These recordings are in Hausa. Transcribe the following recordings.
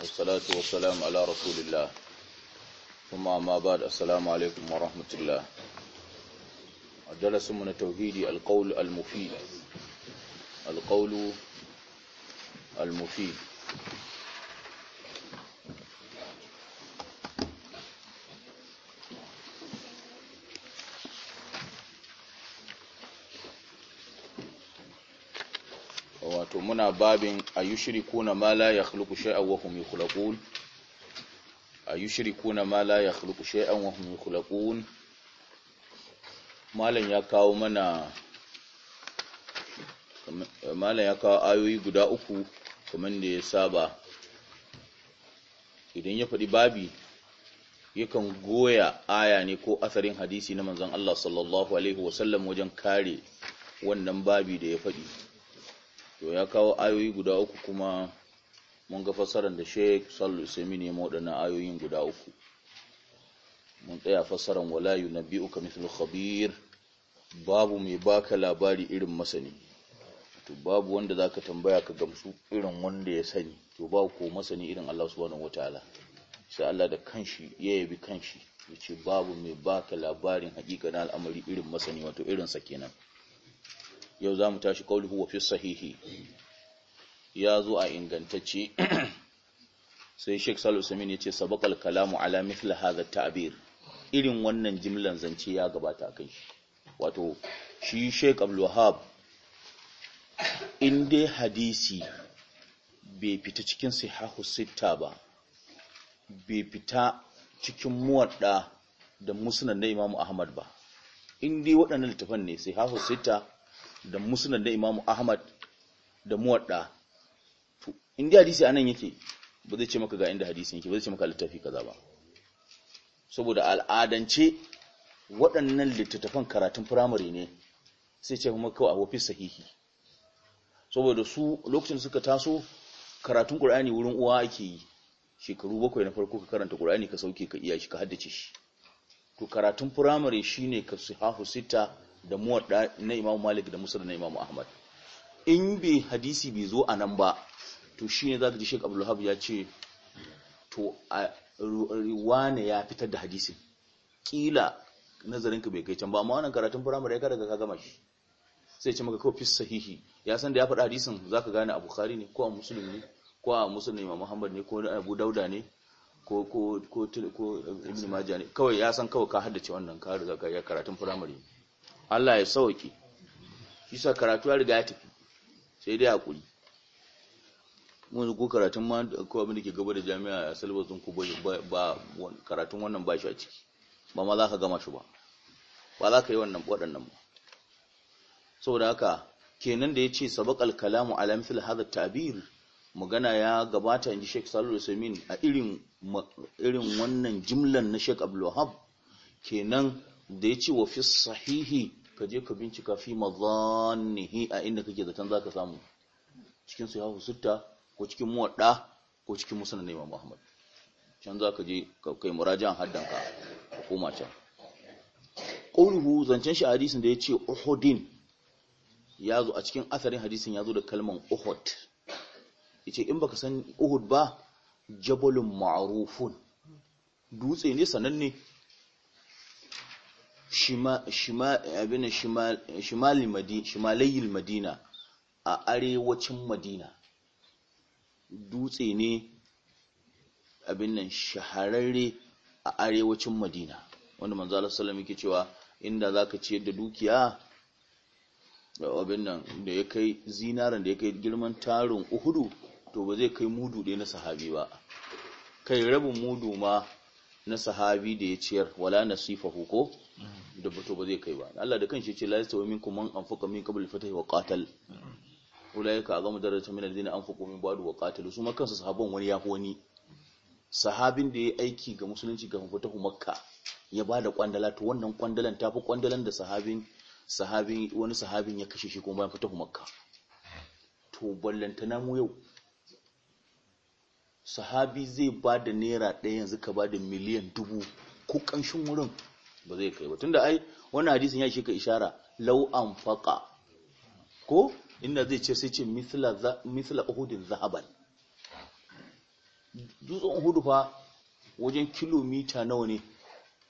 wassalatu wassalamu ala rasulillah kuma ma ba da assalamu alaikum wa rahmatullah a darasinmu na tauhidi alkaul almufi alkaulu muna babin kuna ma la yakhluqu shay'an wa hum yukhlaqun kuna ma la yakhluqu shay'an wa hum yukhlaqun malam ya kawo mana malam ya kawo ayoyi guda uku kamar da ya saba idan ya faɗi babi yakan goya aya ne ko asarin hadisi na manzon Allah sallallahu alaihi wasallam wajen kare wannan babi da ya faɗi to ya kawo ayoyi guda uku kuma mun ga fasarar da sheik Sallu ne ya ayoyin guda uku mun tsaya walayu na biyu ka mithlu khabir babu mai baka labari irin masani to babu wanda za ka tambaya ka gamsu irin wanda ya sani to ba ko masani irin Allah subhanahu wataala sai Allah da kanshi ya yabi kanshi ce babu mai baka labarin hakika na al'amari irin masani wato irin sa kenan yau za mu tashi kauluhu wa fi sahihi ya zo a ingantacce sai Sheikh Salisu ya ce sabakal kalamu ala mithla hadha ta'bir irin wannan jimlan zance ya gabata kai wato shi Sheikh Abdul wahab in hadisi bai fita cikin sihahu Sita ba bai fita cikin muwadda da musnad na imamu Ahmad ba in dai waɗannan littafan ne sihahu Sita. da musulun da imamu ahmad da muwadda to inda hadisi anan yake ba zai ce maka ga inda hadisi yake ba zai ce maka littafi kaza ba saboda al'adance waɗannan littattafan karatun firamare ne sai ce kuma kawai a wafi sahihi saboda su lokacin suka taso karatun ƙur'ani wurin uwa ake yi shekaru bakwai na farko ka karanta ƙur'ani ka sauke ka iya shi ka haddace shi to karatun firamare shine ka su hafu sita da muwadda na Imam Malik da Musnad na Imam Ahmad in bai hadisi bai zo a nan ba to shi ne za ka ji Sheikh Abdul ya ce to wane ya fitar da hadisin kila nazarinka bai kai can ba amma wannan karatun firamare ya kada ka gama shi sai ce maka kawai fi sahihi ya san da ya faɗa hadisin za ka gane a Bukhari ne ko a musulun ne ko a Muslim Imam Muhammad ne ko Abu Dauda ne ko ko ko ko Ibn Majah ne kawai ya san kawai ka haddace wannan ka riga ka karatun firamare Allah ya sauke isa karatu ya riga ya tafi sai dai hakuri mun ko karatun ma ko abin da ke gaba da jami'a a salbatun ku ba karatun wannan ba shi a ciki ba ma za ka gama shi ba ba za ka yi wannan waɗannan ba saboda haka kenan da ya ce sabaqal kalamu ala mithil hadha ta'bir magana ya gabata inji Sheikh Salihu Usaimin a irin irin wannan jimlan na Sheikh Abdul Wahab kenan da ya ce wa fi sahihi ka je ka bincika fi mazannihi a inda kake zaton zaka samu cikin sahihu sutta ko cikin muwadda ko cikin musnad Imam Muhammad can zaka je ka kai murajan haddanka ka koma can qawluhu zancen shi hadisin da ya yace uhudin yazo a cikin asarin hadisin zo da kalman uhud yace in baka san uhud ba jabalun ma'rufun dutse ne sananne shimalayil madina a arewacin madina dutse ne abin nan shahararre a arewacin madina wanda manzo Allah sallallahu cewa inda zaka ciyar da dukiya abin nan da ya kai zinaran da ya kai girman tarin uhudu to ba zai kai mudu dai na sahabi ba kai rabin mudu ma na sahabi da ya ciyar wala nasifa ko da bato ba zai kai ba Allah da kanshi ce la yastawi minkum man anfaqa min qabl al-fath wa qatal ulaika azamu darajatan min alladhina anfaqu min ba'd wa qatalu su makansa sahabban wani ya wani sahabin da yayi aiki ga musulunci ga fatahu makka ya bada kwandala to wannan kwandalan tafi kwandalan da sahabin sahabin wani sahabin ya kashe shi kuma bayan fatahu makka to ballantana mu yau sahabi zai ba da naira ɗaya yanzu ka ba da miliyan dubu ko ƙanshin wurin ba zai kai ba tunda ai wannan hadisin ya shi ka ishara lau'an an faƙa ko inda zai ce sai ce misla uhudin dutsen uhudu fa wajen kilomita nawa ne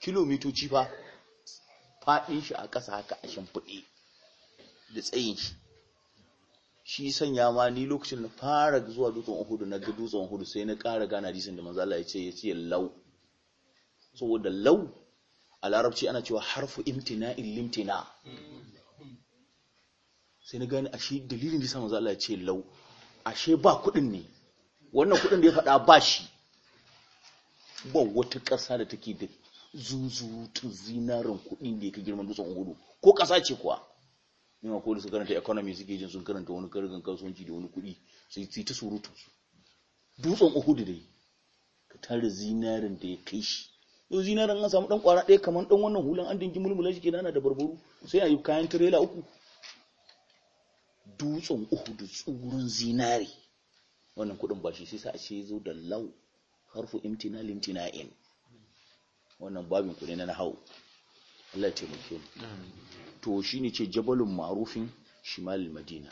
kilomitoci fa faɗin shi a ƙasa haka a shimfiɗe da tsayin shi shi sanya ma ni lokacin na fara zuwa dutsen uhudu na ga dutsen uhudu sai na ƙara gane hadisin da manzo Allah ya ce ya ce law saboda law a larabci ana cewa harfu in limtina sai na gane ashe dalilin da yasa manzo ya ce law ashe ba kuɗin ne wannan kuɗin da ya faɗa ba shi ba wata ƙasa da take da zuzutun zinarin kuɗi da ya ka girman dutsen uhudu ko ƙasa ce kuwa yin akwai da su karanta economy suke jin sun karanta wani karigan kasuwanci da wani kuɗi sai su ta surutu dutsen uhudu dai ka tare zinarin da ya kai shi yau zinarin an samu dan kwara ɗaya kamar dan wannan hulan an dingi mulmula shi kenan da barbaru sai a yi kayan tirela uku dutsen uhudu tsurin zinari wannan kuɗin ba shi sai sa a ce zo da lau harfu imtina in wannan babin kuɗi na hau Allah taimake mu to shine ce jabalun ma'rufin shimal madina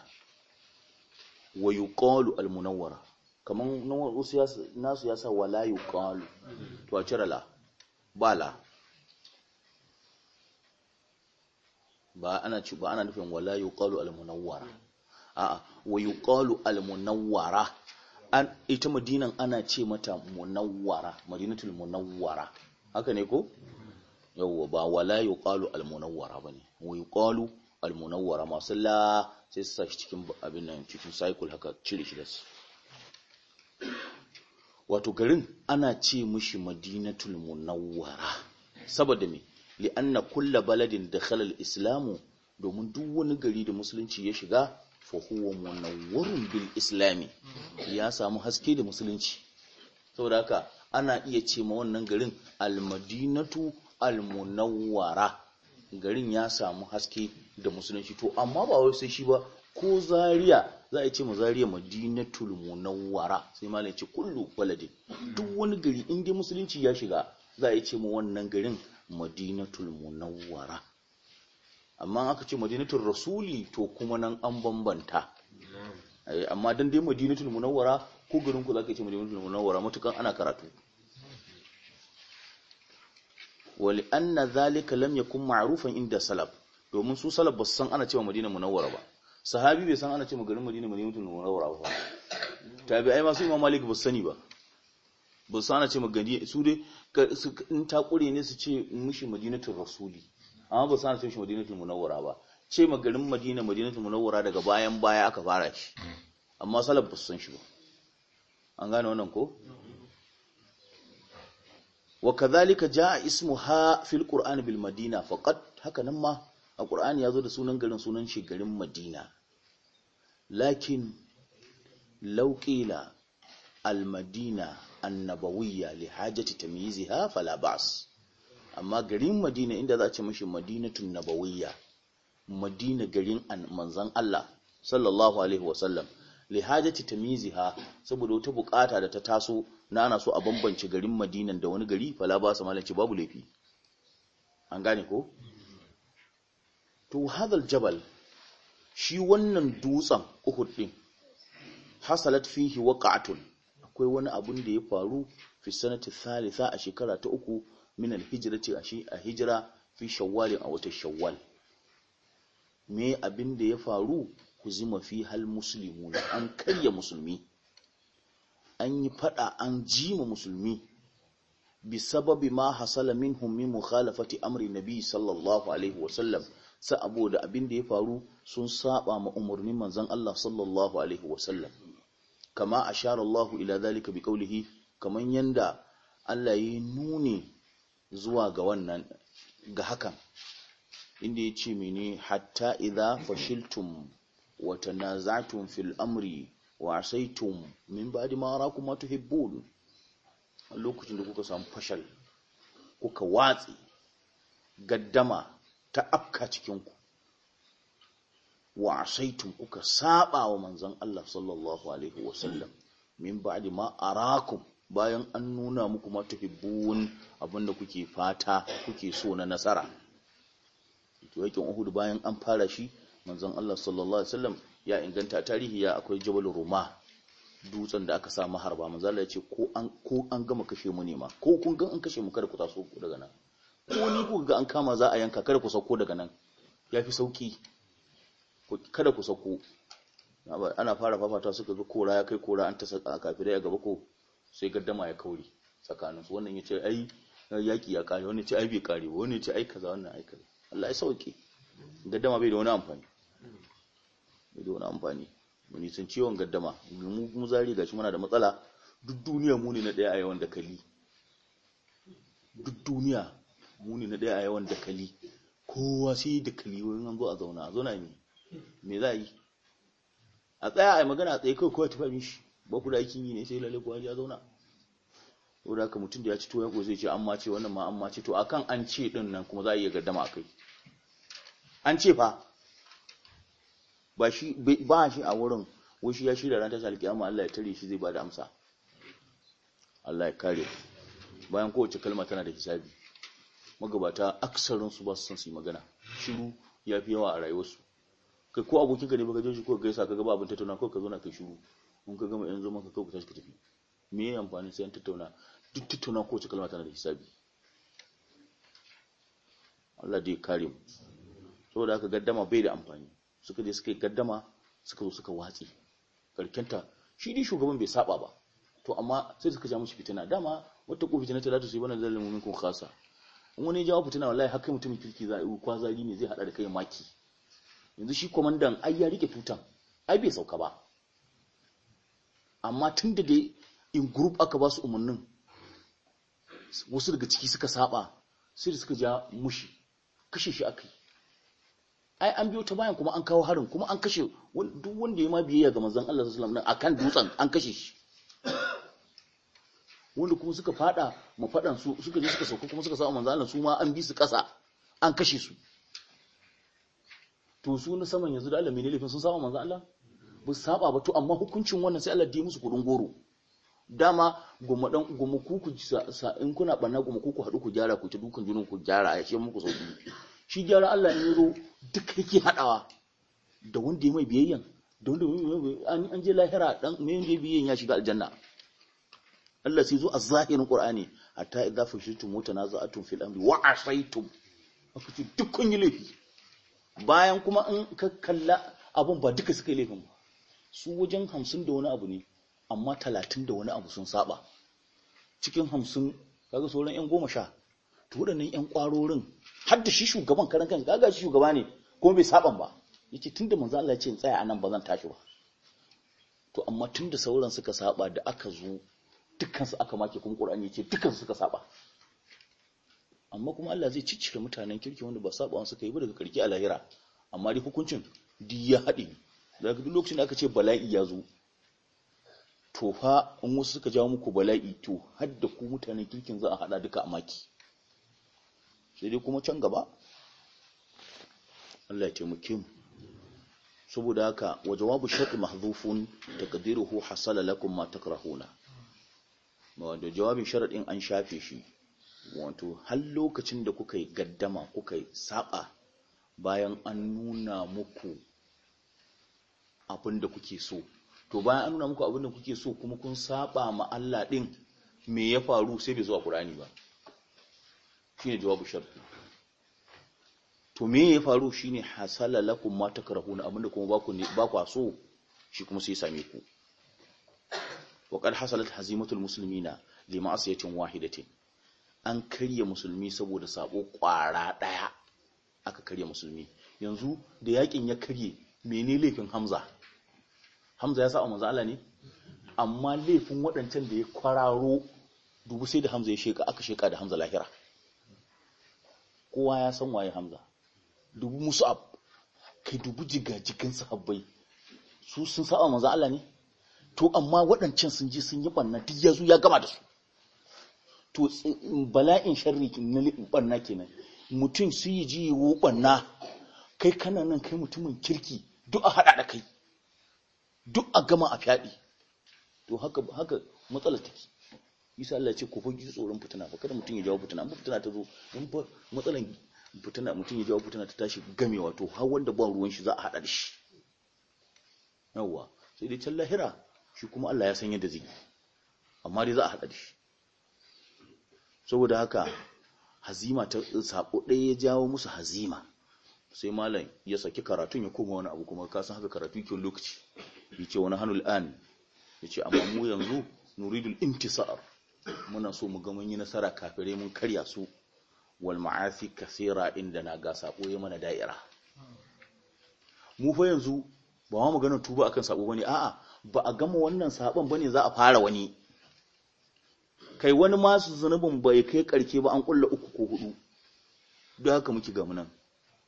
wa yuqalu al munawwara kaman nasu ya sa wala yuqalu to a cire la bala ba ana ci ba ana nufin wala yuqalu al munawwara a'a wa yuqalu al munawwara an ita madinan ana ce mata munawwara madinatul munawwara haka ne ko yauwa ba wala yuqalu almunawwara ne wa yuqalu almunawwara masu la sai su sashi cikin abin nan cikin cycle haka cire shi da su wato garin ana ce mushi madinatul munawwara saboda me li'anna kulle baladin da khalal islamu domin duk wani gari da musulunci ya shiga fa huwa bil islami ya samu haske da musulunci saboda haka ana iya ce ma wannan garin al almunawwara garin ya samu haske da musulunci to amma ba wai sai shi ba ko Zariya za a ce ma Zariya madinatul munawwara sai malai ce kullu walade duk wani gari in dai musulunci ya shiga za a ce ma wannan garin madinatul munawwara amma aka ce madinatul rasuli to kuma nan an bambanta eh, amma dan dai madinatul munawwara ko garin ku za ka ce madinatul munawwara matukan ana karatu wali anna zalika lam yakun ma'rufan inda salaf domin su salaf ba su san ana cewa madina munawwara ba sahabi bai san ana cewa garin madina madina munawwara ba tabi'ai ma su imam malik ba su sani ba ba su ana cewa gani su dai in ta kure ne su ce mushi madinatul rasuli amma ba su ana ce madinatul munawwara ba ce magarin madina madinatul munawwara daga bayan baya aka fara shi amma salaf ba su san shi ba an gane wannan ko wa kadhalika jaa ha fil qur'an bil madina faqad haka nan ma a qur'ani yazo da sunan garin sunan shi garin madina lakin law qila al madina annabawiyya li hajati tamyiziha fala ba's amma garin madina inda za a ce mashi madinatun nabawiyya madina garin manzan Allah sallallahu alaihi wasallam li hajati saboda wata bukata da ta taso na ana so a bambance garin madinan da wani gari fala ba su malance babu laifi an gane ko to hadal jabal shi wannan dutsen uhud din hasalat fihi waqa'atun akwai wani abun da ya faru fi sanati thalitha a shekara ta uku min alhijrati a hijra fi shawwal a watan shawwal me abin da ya faru ku zima fi hal muslimuna an karya musulmi an yi fada an ji ma musulmi Bi bisababi ma hasala minhum min mukhalafati amri nabi sallallahu alaihi wasallam saboda abin da ya faru sun saba ma umarnin manzon Allah sallallahu alaihi wasallam kama ashara Allah ila zalika bi qawlihi kaman yanda Allah ya nuni zuwa ga wannan ga hakan inda ya ce mene hatta idza fashiltum wa tanaza'tum fil amri wasaitum min ba'di ma arakum ma tuhibbun lokacin da kuka samu fashal kuka watsi gaddama ta afka cikin ku wasaitum kuka saba wa manzon Allah sallallahu alaihi wasallam min ba'di ma arakum bayan an nuna muku ma tuhibbun abinda kuke fata kuke so na nasara to yakin Uhud bayan an fara shi manzon Allah sallallahu alaihi wasallam ya inganta tarihi ya akwai jabal roma dutsen da aka samu harba. manzo ya ce ko an gama kashe mu ne ma ko kun gan an kashe mu kada ku taso daga nan ko ni ku ga an kama za a yanka kada ku sauko daga nan Ya fi sauki kada ku sauko ana fara fafata suka zo kora ya kai kora an ta a kafirai a gaba ko sai gaddama ya kauri tsakanin su wannan ce, ai yaki ya kare wani ce ai bai kare wani ce ai kaza wannan ai kaza Allah ya sauke gaddama bai da wani amfani da wani amfani mu nisan ciwon gaddama mu mu zari gashi muna da matsala duk duniya mu ne na daya a yawan dakali duk duniya mu ne na daya a yawan dakali kowa sai da dakali wani an zo a zauna a zauna ne me za a yi a tsaya a yi magana a tsaye kawai kawai tafa mishi ba ku da yakin yi ne sai lalle kowa ya zauna saboda haka mutum da ya ci to ya zai ce an mace wannan ma an mace to akan an ce din nan kuma za a iya gaddama a kai. an ce fa ba shi ba shi a wurin wushi ya shirya ran tashar amma Allah ya tare shi zai bada amsa Allah ya kare bayan kowace kalma tana da hisabi magabata aksarin su ba su san su yi magana shiru fi yawa a rayuwarsu kai ko ka ne baka je shi ko gaisa ka gaba ba abin tattauna ko ka zo na kai shiru in ka gama yanzu maka kai ku tashi ka tafi me ya amfani sai an tattauna duk tattauna kowace kalma tana da hisabi Allah dai kare mu saboda haka gaddama bai da amfani suka je suka yi gaddama suka zo suka watse karkenta shi dai shugaban bai saba ba to amma sai suka ja mushi fitina dama wata ko fitina ta za su yi bana dalilin mumin kun khasa in wani jawo fitina wallahi har kai mutumin kirki za a yi kwazari ne zai hada da kai maki yanzu shi kwamandan ai ya rike tutan ai bai sauka ba amma tun da dai in group aka ba su umarnin wasu daga ciki suka saba sai da suka ja mushi kashe shi aka ai an biyo ta bayan kuma an kawo harin kuma an kashe duk wanda ya ma biyayya ga manzon Allah sallallahu alaihi akan dutsen an kashe shi wanda kuma suka fada mu fadan su suka je suka sauka kuma suka samu manzon Allah su ma an bi su kasa an kashe su to su na saman yanzu da Allah mai laifin sun samu manzon Allah bu saba ba to amma hukuncin wannan sai Allah ya musu kudin goro dama gumadan gumuku ku in kuna banna goma ku hadu ku gyara ku ta dukan junun ku gyara ya ce muku sauki shi gyara Allah ne yaro duka yake haɗawa da wanda ya mai biyayyan da wanda ya mai an je lahira dan mai wanda biyayyan ya shiga aljanna Allah sai zo a zahirin Qur'ani hatta idza fashitum wa tanaza'atum fil amri wa asaytum aka ce duk kun yi laifi bayan kuma in ka kalla abun ba duka suka yi laifin ba su wajen hamsin da wani abu ne amma talatin da wani abu sun saba cikin hamsin kaga sauran yan goma sha to waɗannan ƴan ƙwarorin har da shi shugaban karan kan kaga shi shugaba ne kuma bai saban ba yace tunda manzo Allah ya ce in tsaya anan ba zan tashi ba to amma tunda sauran suka saba da aka zo dukkan su aka make kuma Qur'ani yace dukkan suka saba amma kuma Allah zai ciccire mutanen kirki wanda ba sabawan suka yi ba daga karki a lahira amma dai hukuncin duk ya haɗe daga duk lokacin da aka ce bala'i ya zo to fa in wasu suka jawo muku bala'i to har da ku mutanen kirkin za a haɗa duka a maki sai dai kuma can gaba Allah ya taimake mu saboda haka wa jawabu shart mahdhufun taqdiruhu hasala lakum ma takrahuna wato jawabin sharadin an shafe shi wato har lokacin da kuka yi gaddama kuka yi saba bayan an nuna muku abin da kuke so to bayan an nuna muku abin da kuke so kuma kun saba ma Allah din me ya faru sai bai zo a Qur'ani ba shine jawabu sharti to me ya faru shine hasala lakum ma takrahuna abinda kuma baku ne baku so shi kuma sai same ku wa qad hasalat hazimatul muslimina lima'asiyatin wahidatin an karya musulmi saboda sabo kwara daya aka karya musulmi yanzu da yakin ya karye mene laifin Hamza Hamza ya sa manzo Allah ne amma laifin waɗancan da ya kwararo dubu sai da Hamza ya sheka aka sheka da Hamza lahira kowa ya san waye hamza dubu musu ab kai dubu jigajigan sahabbai su sun saba manzo Allah ne to amma waɗancan sun je sun yi barna duk yazo ya gama da su to bala'in sharri na barna kenan mutum su yi ji wo barna kai kana nan kai mutumin kirki duk a hada da kai duk a gama a fyaɗe, to haka haka matsalar take isa Allah ce ku fuji tsoron fitina ba kada mutum ya jawo fitina amma fitina ta zo in ba matsalan fitina mutum ya jawo fitina ta tashi gamewa to har wanda ba ruwan shi za a hada da shi yawa sai dai can lahira shi kuma Allah ya san yadda zai yi. amma dai za a hada da shi saboda haka hazima ta sako ɗaya ya jawo musu hazima sai malam ya saki karatun ya koma wani abu kuma ka san haka karatu ke lokaci yace wani hanul an yace amma mu yanzu nuridul intisar muna so mu ga mun yi nasara kafirai mun karya su wal ma'asi kasira inda na ga sako ya mana da'ira mu fa yanzu ba ma magana tuba akan sako bane a'a ba a gama wannan sabon bane za a fara wani kai wani masu zunubin bai kai karke ba an kulla uku ko hudu don haka muke gamu nan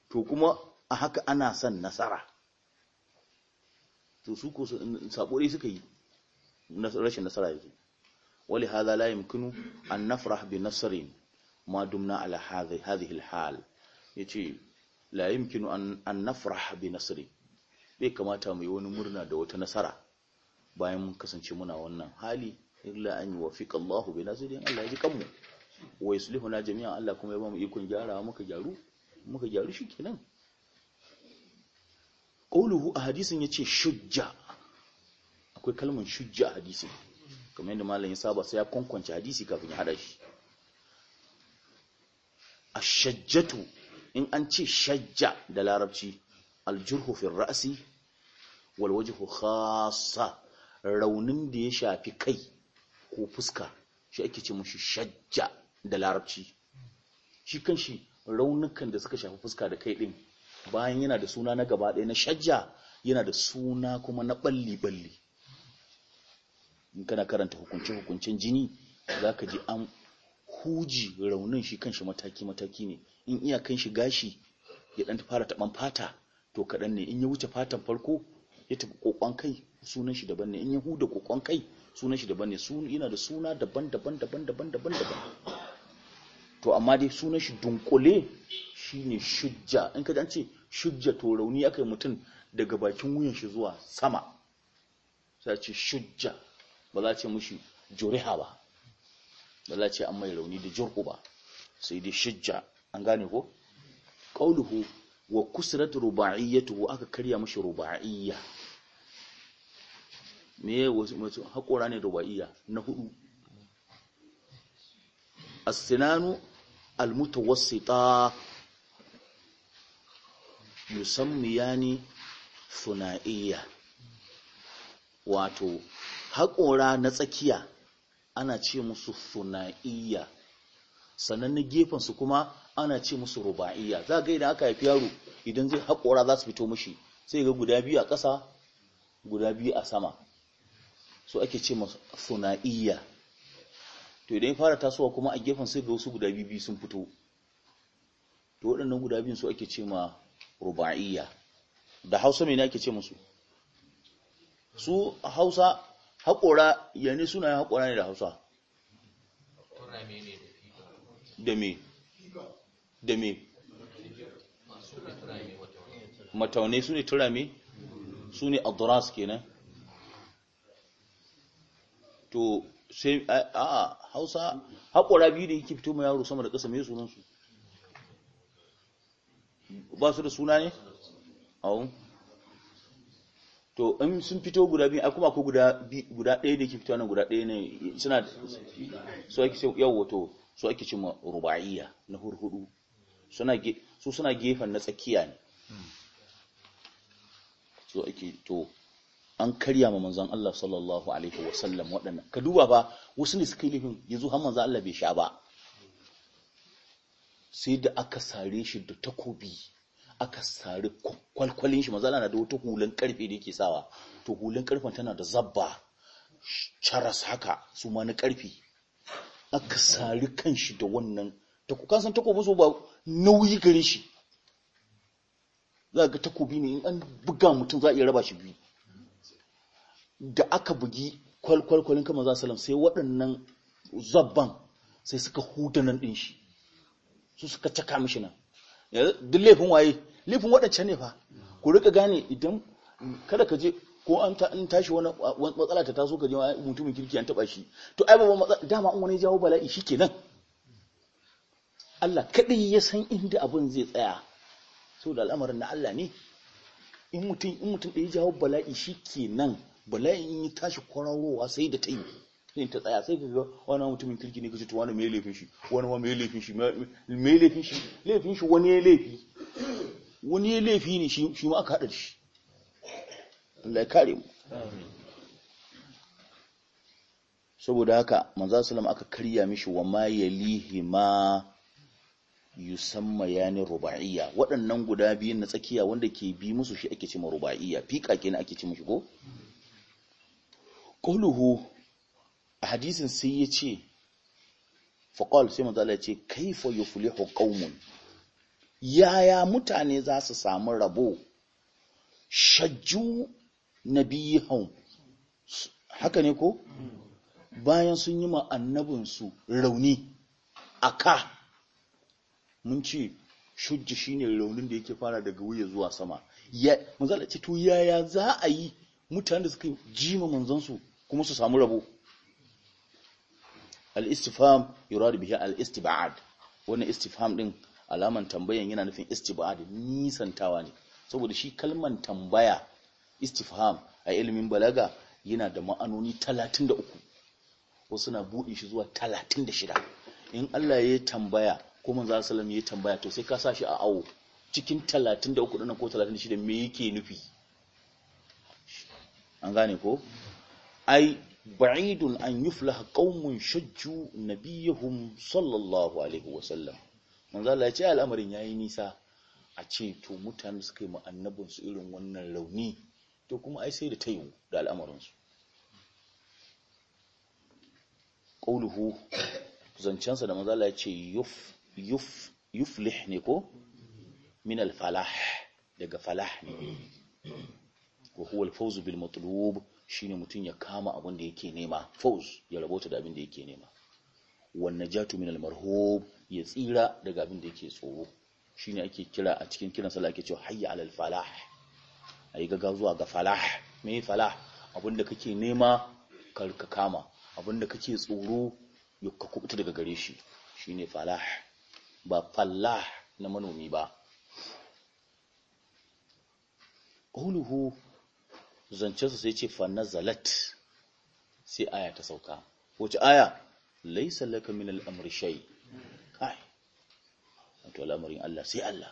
to kuma a haka ana son nasara to su ko dai suka yi rashin nasara yanzu wali hadha la yumkinu an nafrah bi nasrin ma dumna ala hadhihi alhal yace la yumkinu an nafrah bi bai kamata mu yi wani murna da wata nasara bayan mun kasance muna wannan hali illa an yuwaffiqa Allahu bi yin Allah ya ji kanmu wa lihuna jami'an Allah kuma ya ba mu ikon gyara, muka gyaru muka gyaru kenan qawluhu a hadisin yace shujja akwai kalmar shujja a hadisin kamar yadda malam ya saba sai ya kwankwanci hadisi kafin ya hada shi ashajjatu in an ce shajja da larabci aljurhu fi ra'si wal wajhu khassa raunin da ya shafi kai ko fuska shi ake ce mushi shajja da larabci shi kanshi raunukan da suka shafi fuska da kai din bayan yana da suna na gaba ɗaya na shajja yana da suna kuma na balli balli in kana karanta hukunce hukuncen jini za ka ji an huji raunin shi kanshi mataki mataki ne in iyakan shi gashi ya dan fara taban fata to kaɗan ne in ya wuce fatan farko ya tafi kokon kai sunan shi daban ne in ya huda kokon kai sunan shi daban ne yana da suna daban daban daban daban daban daban to amma dai sunan shi dunkule shine shujja in ka an ce shujja to rauni aka yi mutum daga bakin wuyan shi zuwa sama sai ce shujja ba za ce mushi juriha ba ba za ce an mai rauni da jirgu ba sai dai shijja an gane ko qauluhu wa kusrat ruba'iyyatuhu aka karya mushi ruba'iyya me wato hakora ne ruba'iyya na hudu as-sinanu al-mutawassita yusammiyani thuna'iyya wato haƙora na tsakiya ana ce musu funa'iyya sannan na gefensu kuma ana ce musu ruba'iyya za ga idan aka haifi yaro idan zai haƙora za su fito mushi sai ga guda biyu a ƙasa guda biyu a sama so ake ce musu funa'iyya to idan ya fara tasowa kuma a gefen sai ga wasu guda biyu sun fito to waɗannan guda biyun su ake ce ma ruba'iyya da hausa mai ne ake ce musu su hausa haƙora suna yin haƙora ne da hausa da me da me mataune su ne turame su ne aduras kenan to sai a hausa haƙora biyu da yake fito ma yaro sama da ƙasa mai sunansu ba su da suna ne? awon to in sun fito guda biyu kuma ko guda guda ɗaya da ke fito nan guda ɗaya ne suna so ake ce yau wato so ake ce rubaiya na hurhudu suna su suna gefen na tsakiya ne so ake to an karya ma manzon Allah sallallahu alaihi wa sallam waɗannan ka duba ba wasu ne suka yi lifin yanzu har manzon Allah bai sha ba sai da aka sare shi da takobi aka sari kwalkwalin shi mazala na da wata hulan karfe da yake sawa to hulan karfen tana da zabba charas haka su ma na karfe aka sari kan shi da wannan takukan san takobin su ba nauyi gare shi za ga takobi ne in an buga mutum za a iya raba shi biyu da aka bugi kwalkwalin kama za salam sai waɗannan zabban sai suka huta nan ɗin shi su suka caka mishi nan duk laifin waye laifin waɗancan ne fa ku rika gane idan kada ka je ko an tashi wani matsala ta taso ka je mutumin kirki an taba shi to ai babban matsala dama an wani jawo bala'i shikenan Allah kadai ya san inda abun zai tsaya saboda al'amarin na Allah ne in mutum in mutum da ya jawo bala'i shikenan bala'in ya tashi kwararowa sai da ta yi sai ta tsaya sai ka ga wani mutumin kirki ne kace to wani me laifin shi wani ma mai laifin shi mai laifin shi laifin shi wani ya laifi wani ya laifi ne shi ma aka haɗa shi Allah ya kare mu saboda haka manzo sallam aka karya mishi wa ma yalihi ma yusamma yani ruba'iyya waɗannan guda biyun na tsakiya wanda ke bi musu shi ake cewa ruba'iyya fiqa kenan ake cewa shi ko quluhu a hadisin sai yace faqal sai manzo Allah ya ce kaifa yuflihu qaumun yaya mutane za su samu rabo shajju hau, haka ne ko bayan sun yi ma su rauni ka, mun ce shujji shine raunin da yake fara daga wuya zuwa sama ya manzala ce yaya za a yi mutane da suka ji ma manzansu kuma su samu rabo al-istifham yurad bihi al-istib'ad wannan istifham din alaman tambayan yana nufin istibad nisantawa ne saboda shi kalman tambaya istifham a ilimin balaga yana da ma'anoni 33 wasu na buɗe shi zuwa 36 in Allah ya tambaya ko manzo sallallahu alaihi ya tambaya to sai ka sa shi a awo cikin 33 ɗin ko 36 me yake nufi an gane ko ai ba'idun an yuflah qaumun shajju nabiyuhum sallallahu alaihi wasallam manzo ya ce al'amarin yayi nisa a ce to mutane suka yi mu annabin su irin wannan rauni to kuma ai sai da yi da al'amarin su zancensa da manzo ya ce yuf yuf yuflih ne ko min al-falah daga falah ne ko huwa al-fawz bil matlub shine mutun ya kama abin da yake nema fawz ya rabota da abin da yake nema wan najatu min al ya tsira daga abin da yake tsoro shi ne ake kira a cikin kiran sallah ake cewa hayya alal falah ayi gaga zuwa ga falah me falah da kake nema ka kama abin da kake tsoro ka kubuta daga gare shi shine falah ba falah na manomi ba quluhu zancensa sai ce fa zalat, sai aya ta sauka wace aya laisa laka min al-amri to lamarin Allah sai Allah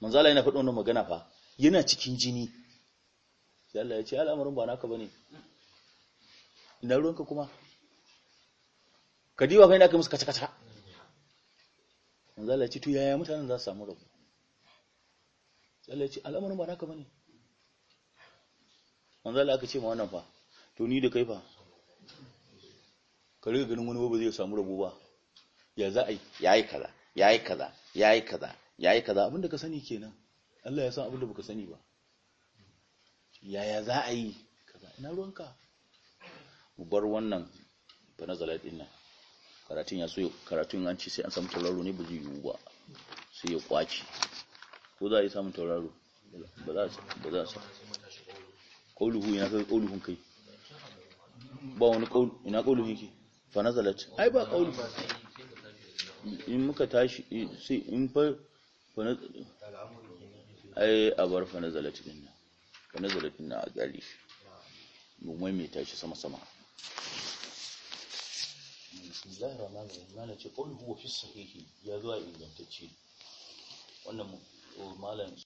manzo Allah yana faɗo wannan magana fa yana cikin jini sai Allah ya ce al'amarin ba naka bane ina ruwanka kuma wa kai naka musu kaca kaca manzo Allah ya ce to yaya mutanen za su samu rabo sai Allah ya ce al'amarin ba naka bane manzo Allah aka ce ma wannan fa to ni da kai fa ka riga ganin wani ba zai samu rabo ba ya za a yi ya yi kaza Ya yi kaza ya yi kaza ya yi kaza abinda ka sani kenan Allah ya san abinda baka sani ba yaya za a yi kaza ina ruwanka mu bar wannan fa nazalat dinnan karatun ya so karatun an ci sai an samu tauraro ne ba zai yiwu ba sai ya kwaci ko za a yi samun tauraro ba za a ba za a kauluhu ina kai kauluhun kai ba wani kaulu ina kauluhu ki? fa nazalat ai ba kaulu in muka tashi sai in fa ai a bar fa nazala cikin nan fa nazala cikin nan a gari mai mai tashi sama sama bismillahir rahmanir rahim mana ce qul huwa fi sahihi ya zuwa ingantacce wannan oh, malam